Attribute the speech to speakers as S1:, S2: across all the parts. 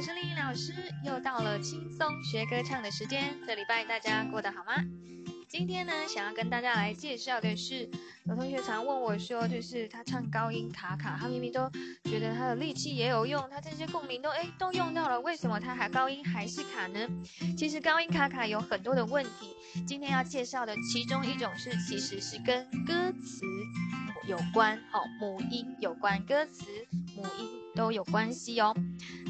S1: 我是麗穎老師，又到了輕鬆學歌唱的時間。這禮拜大家過得好嗎？今天呢，想要跟大家來介紹的是，有同學常問我說，就是他唱高音卡卡，他明明都覺得他的力氣也有用，他這些共鳴都誒、欸、都用到了，為什麼他還高音還是卡呢？其實高音卡卡有很多的問題。今天要介紹的其中一種是，其實是跟歌詞有關，哦，母音有關歌，歌詞母音都有關係哦。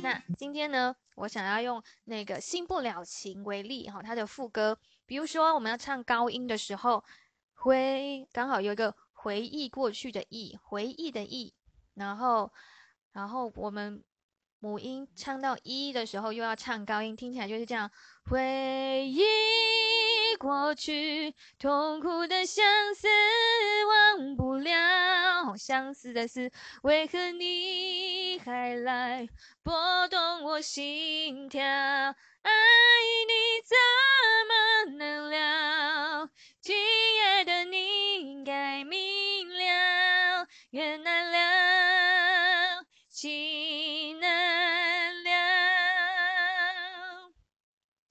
S1: 那今天呢，我想要用那個《新不了情》為例哈、哦，它的副歌，比如說我們要唱高音的時候，回，剛好有一個回憶過去的憶，回憶的憶，然後，然後我們母音唱到一的時候，又要唱高音，聽起來就是這樣，回憶過去，痛苦的相思。相思的
S2: 思，為何你還來撥動我心跳？愛你怎麼能了？親愛的，你應該明了，緣難了，情難了。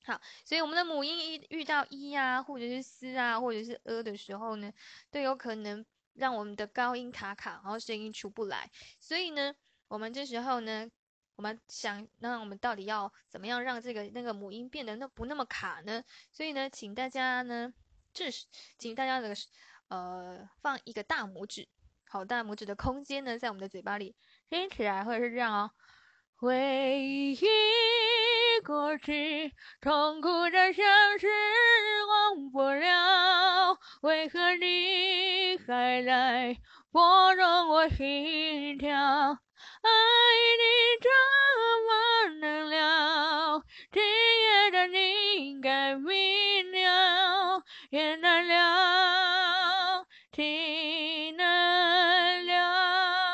S1: 好，所以我們的母音一遇到一啊，或者是四啊，或者是呃的時候呢，都有可能。讓我們的高音卡卡，然後聲音出不來。所以呢，我們這時候呢，我們想，那我們到底要怎麼樣讓這個那個母音變得那不那麼卡呢？所以呢，請大家呢，這是，請大家的呃，放一個大拇指。好，大拇指的空間
S2: 呢，在我們的嘴巴裡，聽起來會是這樣哦。回憶過去，痛苦的相思，忘不了，為何你？再來，來我讓我心跳，愛你怎麼能了？今夜的你應該明了，情難了，情難了。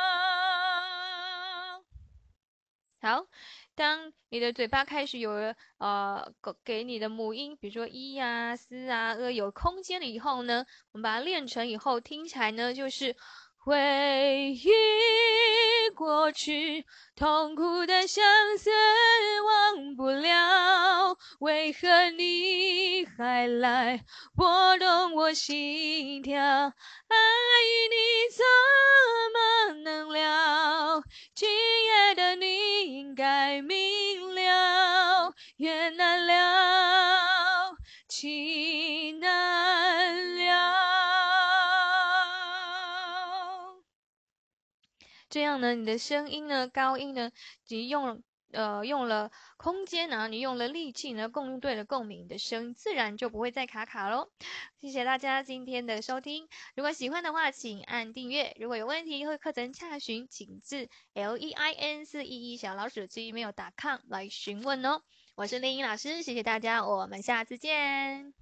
S2: 好。當你的嘴巴
S1: 開始有了呃，給你的母音，比如說“一”啊、“四”啊，呃，有空間了以後呢，我們把它練成以後，聽起來呢就是回憶
S2: 過去，痛苦的相思忘不了，為何你還來撥動我心跳？愛你怎麼能了？該明了，緣難了，情難了。
S1: 這樣呢，你的聲音呢，高音呢，即用了。呃，用了空間呢，啊，你用了力氣呢，共用對了共鳴你的聲音，自然就不會再卡卡咯。謝謝大家今天的收聽，如果喜歡的話，請按訂閱。如果有問題或課程查詢，請至 L E I N 四一一小老鼠機沒有打抗來詢問哦。我是麗英老師，謝謝大家，我們下次見。